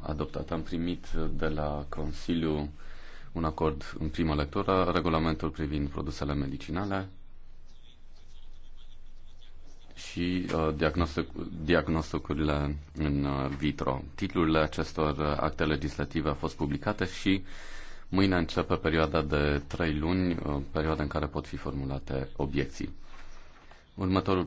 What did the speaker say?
adoptat. Am primit de la Consiliu un acord în primă lectură, regulamentul privind produsele medicinale și uh, diagnosticurile în uh, vitro. Titlurile acestor acte legislative au fost publicate și mâine începe perioada de trei luni, uh, perioada în care pot fi formulate obiecții. Următorul